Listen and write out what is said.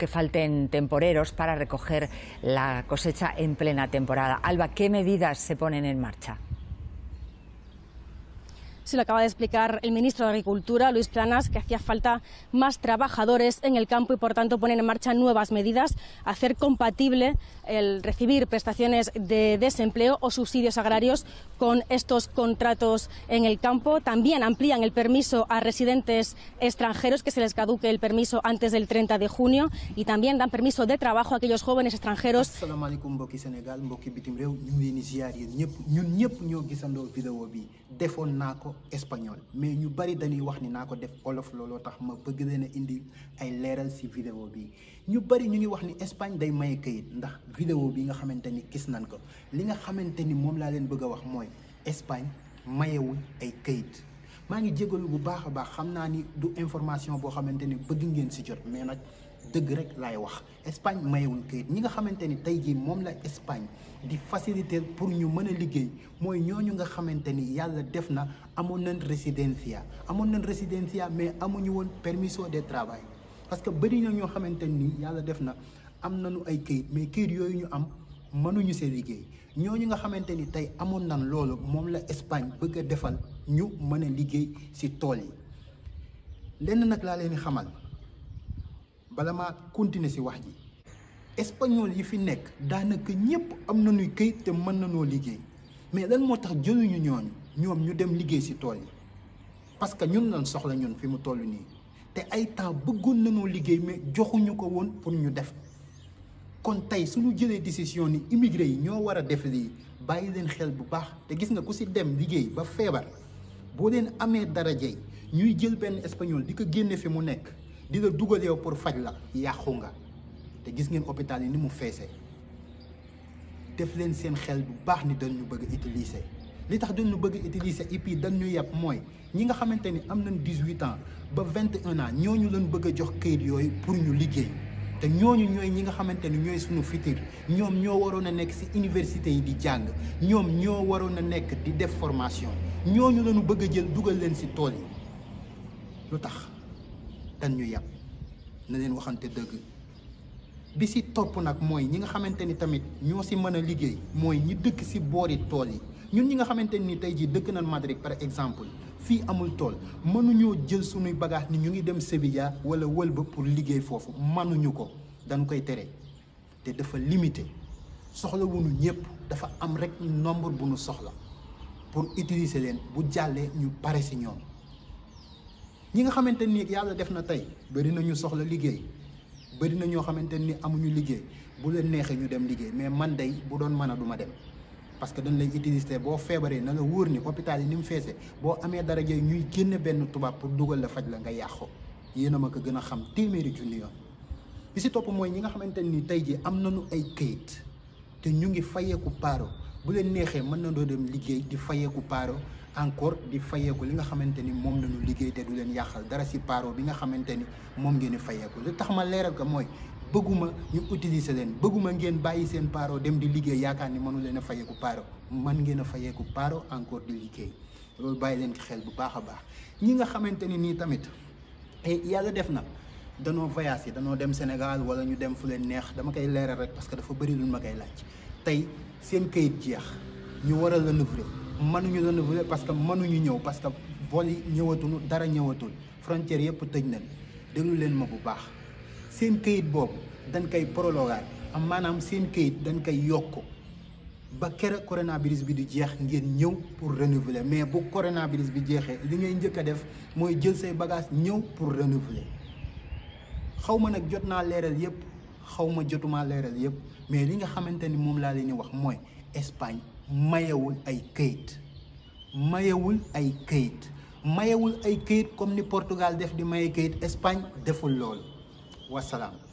que falten temporeros para recoger la cosecha en plena temporada. Alba, ¿qué medidas se ponen en marcha? Se lo acaba de explicar el ministro de Agricultura, Luis Planas, que hacía falta más trabajadores en el campo y, por tanto, poner en marcha nuevas medidas, hacer compatible recibir prestaciones de desempleo o subsidios agrarios con estos contratos en el campo. También amplían el permiso a residentes extranjeros que se les caduque el permiso antes del de junio y también dan permiso de trabajo a aquellos jóvenes extranjeros. asalaamaaleykum mbokki Sénégal mbokki bitim réew espagnol mais ñu bari dañuy wax ni naa ko def olof looloo tax ma bëgg leen a indi ay leeral ci vidéo bi ñu bari ñu ngi wax ni Espagne day maye kayit ndax vidéo bi nga xamante ni gis nañ ko li nga xamante ni moom laa leen bëgg a wax mooy Espagne mayewul ay kayit maa ngi jégalu bu baax a baax xam naa ni du information boo xamante ni bëgg ngeen si jot mais nag dëgg rek laay wax Espagne woon këyit ñi nga xamante ni tey jii moom la Espagne di faciliter pour ñu mën a liggéey mooy ñooñu nga xamante ni yàlla def na amoon nañ residencia amoon nañ residencia mais amuñu woon permiso de travail parce que bëri na ñoo xamante ni yàlla def na am nañu ay këyit mais këyit yooyu ñu am mënuñu see liggéey ñooñu nga xamante ni tey amoon nañ loolu moom la Espagne bëgg a defal. ñu mëna liggéey ci tool yi lenn nag laa leen xamal bala maa continuer ci wax ji espagnol yi fi nekk daanaka ñépp am nañuy këyit te mën nañoo liggéey mais lan moo tax jëluñu ñooñu ñoom ñu dem liggéey ci tool yi parce que ñun lañ soxla ñun fi mu toll nii te ay temps bëggoon nañoo liggéey mais joxuñu ko woon pour ñu def kon tey suñu jëlee décision ni immigré yi ñoo war a def lii bàyyi leen xel bu baax te gis nga ku ci dem liggéey ba feebar boo leen amee dara jey ñuy jël benn espagnol di ko génne fi mu nekk di la dugal yow pour faj la yàqu nga te gis ngeen hôpital yi ni mu feesee def leen seen xel bu baax ni dañu bëgg utiliser li tax dañu bëgg utiliser et puis dañu yàpp mooy ñi nga xamante ni am nañ dix-huit ans ba vingt et un ans ñooñu leen bëgg a jox kayit yooyu pour ñu liggéey. te ñooñu ñooy ñi nga xamante ni ñooy suñu futur ñoom ñoo waroon a nekk ci université yi di jàng ñoom ñoo waroon a nekk di def formation ñooñu lañu bëgg a jël dugal leen ci tool yi lu tax dañ ñu yàpp na leen waxante dëgg bi ci topp nag mooy ñi nga xamante ni tamit ñoo ci mën a liggéey mooy ñi dëkk ci boori tool yi ñun ñi nga xamante ni tey jii dëkk nañ Madrid par exemple fii amul tool mënuñoo jël suñuy bagages ni ñu ngi dem Sevilla wala wëlba pour liggéey foofu mënuñu ko dañ koy tere te dafa limité soxla wuñu ñëpp dafa am rek nombre bu ñu soxla pour utiliser leen bu jàllee ñu pare si ñoom ñi nga xamante ni yàlla def na tey bëri na ñu soxla liggéey bëri na ñoo xamante ni amuñu liggéey bu leen neexee ñu dem liggéey mais man dey bu doon mën a dem. parce que dañ lay utiliser boo feebaree na la wóor ni hôpital yi ni mu feesee boo amee dara jëy ñuy génn benn tubaab pour dugal la faj la nga yàqu yéen a ma ko gën a xam téeméeri junni bi si topp mooy ñi nga xamante ni tey jii am na nañu ay kayit te ñu ngi fayeeku paaro bu leen neexee mën na doo dem liggéey di fayeeku paaro encore di fayeeku li nga xamante ni moom lañu liggéey te du leen yàqal dara si paaro bi nga xamante ni moom ngeen fayeeku li tax ma leeral ko mooy bëgguma ñu utiliser leen bëgguma ngeen bàyyi seen paro dem di liggéey yaakaar ni mënu leen a fayeeku paro man ngeen a fayeeku paro encore di liggéey loolu bàyyi leen ci xel bu baax a baax ñi nga xamante ni nii tamit eh, yàlla def na danoo voyage yi danoo dem Sénégal wala ñu dem fu leen neex dama koy leeral rek parce que dafa bëri lu ma koy laaj tey seen kayit jeex ñu war a renouveler mënuñu renouveler parce que mënuñu ñëw parce que vol yi ñëwatuñu dara ñëwatul frontière yëpp tëj nañ déglu leen ma bu baax seen këyit boobu dañ koy prorogaat maanaam seen këyit dañ koy yokk ba kere coronavirus bi di jeex ngeen ñëw pour renouveler mais bu coronavirus bi jeexee li ngay njëkk a def mooy jël say bagage ñëw pour renouveler xaw ma nag jot naa leeral yëpp xawma jotumaa leeral yëpp mais li nga xamante ni moom laa leen di wax mooy Espagne mayewul ay këyit mayewul ay këyit mayewul ay këyit comme ni Portugal def di maye këyit Espagne deful lool wasalaam